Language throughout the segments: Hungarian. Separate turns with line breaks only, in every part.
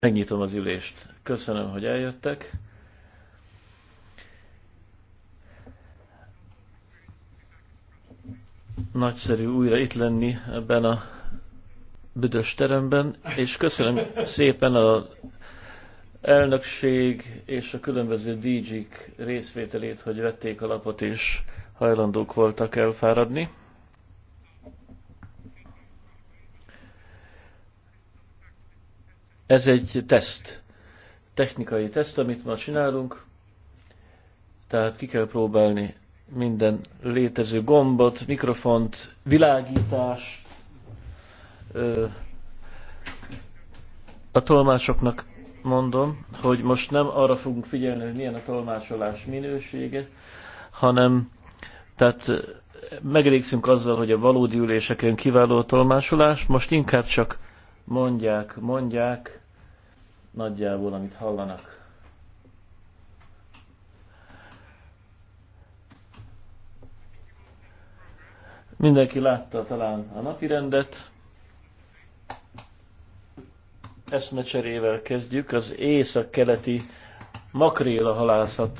Megnyitom az ülést. Köszönöm, hogy eljöttek. Nagyszerű újra itt lenni ebben a büdös teremben, és köszönöm szépen az elnökség és a különböző dj részvételét, hogy vették a lapot és hajlandók voltak elfáradni. Ez egy teszt, technikai teszt, amit ma csinálunk, tehát ki kell próbálni minden létező gombot, mikrofont, világítást, a tolmácsoknak mondom, hogy most nem arra fogunk figyelni, hogy milyen a tolmácsolás minősége, hanem tehát megelégszünk azzal, hogy a valódi üléseken kiváló a tolmácsolás, most inkább csak mondják, mondják, nagyjából, amit hallanak. Mindenki látta talán a napirendet. Eszmecserével kezdjük. Az észak-keleti makréla halászat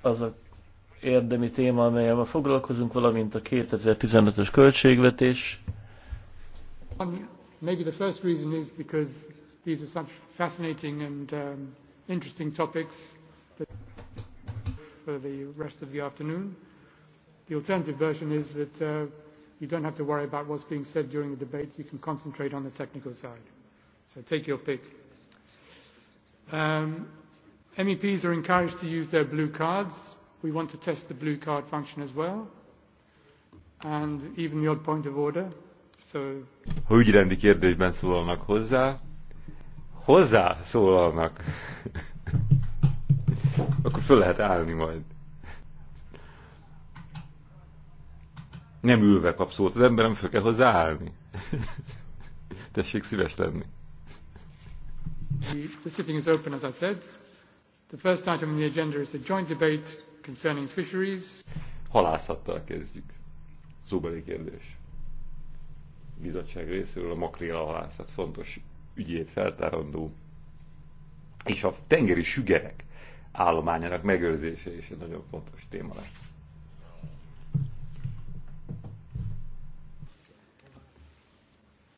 az a érdemi téma, amelyel ma foglalkozunk, valamint a 2015-ös költségvetés.
Maybe the first reason is because these are such fascinating and um, interesting topics for the rest of the afternoon. The alternative version is that uh, you don't have to worry about what's being said during the debate. You can concentrate on the technical side. So take your pick. Um, MEPs are encouraged to use their blue cards. We want to test the blue card function as well. And even the odd point of order. So
ha ügyrendi kérdésben szólalnak hozzá, hozzá szólalnak, akkor föl lehet állni majd. Nem ülve kap szót, az ember nem föl kell hozzáállni. Tessék szíves lenni.
The sitting is open, as I said. The first item on the agenda is a joint debate concerning fisheries.
Halászattal kezdjük. Szóbeli kérdés bizottság részéről a makrélahalászat fontos ügyét feltárandó, és a tengeri sügerek állományának megőrzése is egy nagyon fontos téma lesz.